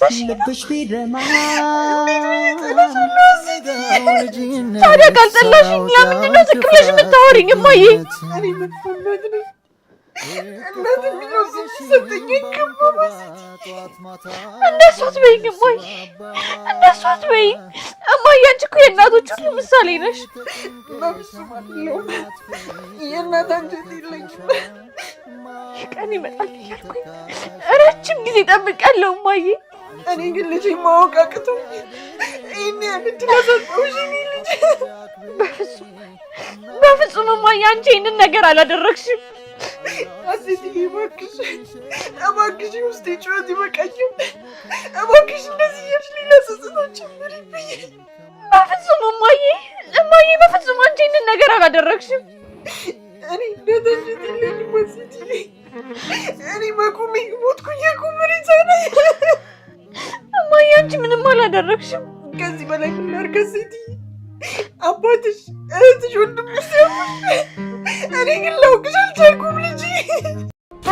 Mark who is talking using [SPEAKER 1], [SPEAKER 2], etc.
[SPEAKER 1] ጠልተሽ ታዲያ ካልጠላሽ ለምንድን ነው ዝቅ ብለሽ የምታወሪኝ? እማዬ እንደሱ አትበይኝ እማዬ፣ እንደሱ አትበይኝ እማዬ። አንቺ እኮ የእናቶች ሁሉ ምሳሌ ነሽ።
[SPEAKER 2] የእናት አንጀት የለኝም።
[SPEAKER 1] ቀን ይመጣል እያልኩኝ ረጅም ጊዜ ጠብቃለሁ እማዬ
[SPEAKER 2] እኔ ግን ልጅ ማወቅ አቅቶ ይህን ያንድል አሰጠውሽ። ልጅ
[SPEAKER 1] በፍጹም በፍጹም እማዬ፣ አንቺ ይህንን ነገር አላደረግሽም።
[SPEAKER 2] አሴት እባክሽ እባክሽ፣ ውስጤ ጩኸት ይበቃኛል። እባክሽ እንደዚህ እያልሽ ሌላ ስስቶች ምርብዬ።
[SPEAKER 1] በፍጹም እማዬ፣ እማዬ፣ በፍጹም አንቺ ይህንን ነገር አላደረግሽም።
[SPEAKER 2] እኔ እንደተንጀት የለኝም እኔ በቁሜ ሞትኩኝ
[SPEAKER 1] አንቺ ምንም አላደረግሽም።
[SPEAKER 2] ከዚህ በላይ ምናርገዝ ሴት አባትሽ፣ እህትሽ፣ ወንድምሽ ሲሆን እኔ ግን ላውቅሽ አልቻልኩም ልጅ